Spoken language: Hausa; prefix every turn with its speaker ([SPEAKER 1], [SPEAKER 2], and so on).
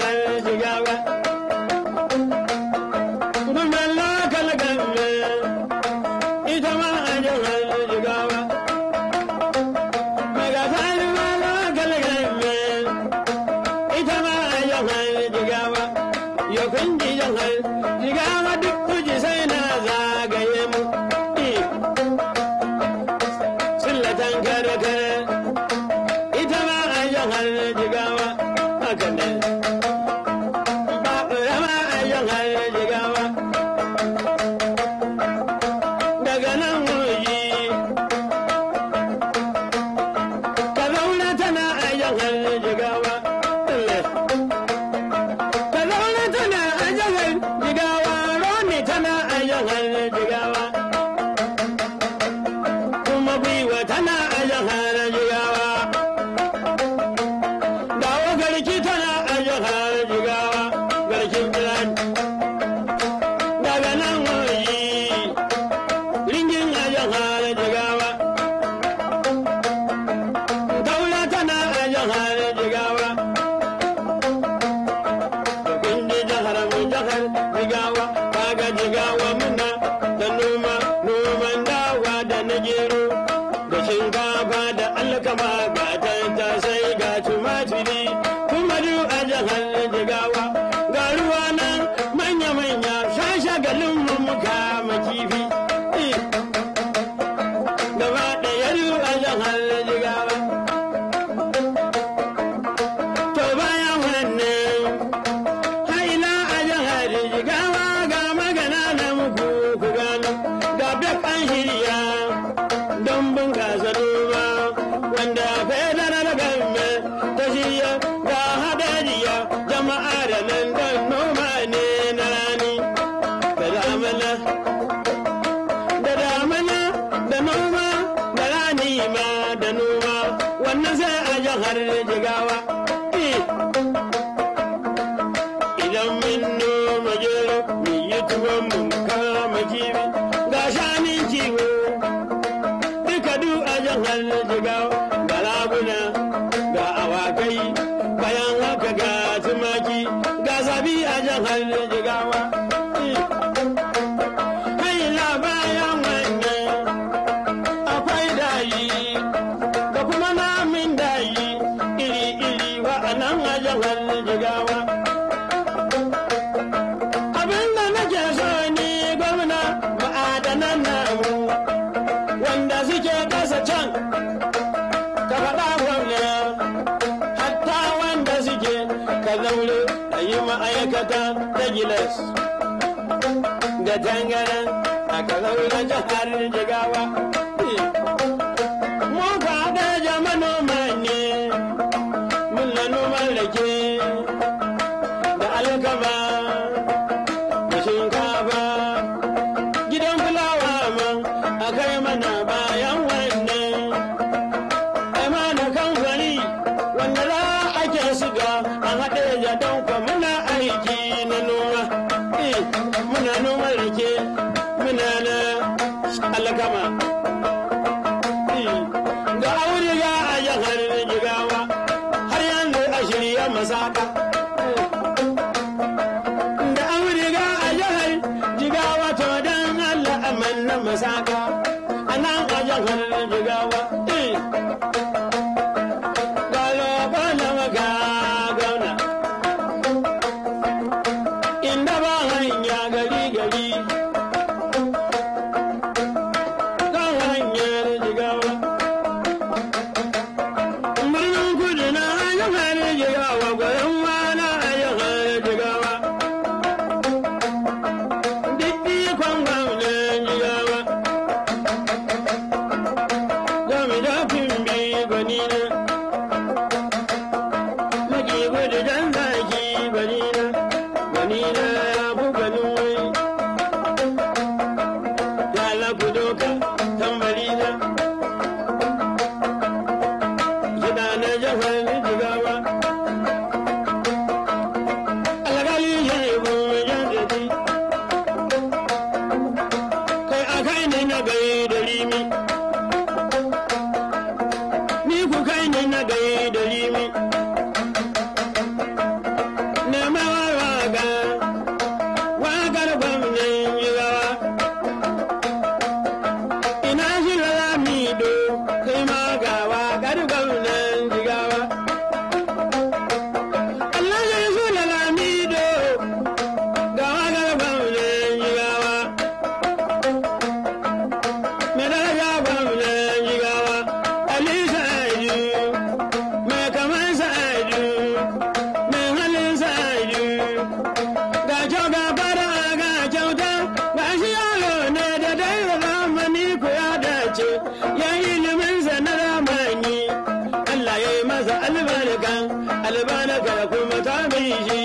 [SPEAKER 1] வந்தவள் jigawa nan jigawa jigawa muna da noma noman dawa da na gero da shinkafa da alkama ga ta jihar jigawa idan min noma gero mu yi tuwon mun kama kibi ga shanin kiwo duka du a jihar jigawa birnin jigawa. Abin da nake so ni gwamna ma'adanan namu wanda suke ƙasa can ka faɗa gwamna hatta wanda suke ka zaure a yi ma'aikata ta gilas da tangaran a ka zaure jihar jigawa. a haɗe ya danko muna aiki na noma eh, muna noman rake muna na da eh, ga auriga a jihar jigawa har yanzu a shirya masaka eh, da auriga a jihar jigawa to don allah manna masaka a nan a jihar jigawa dolimi algan albana ga kuma ta mai shi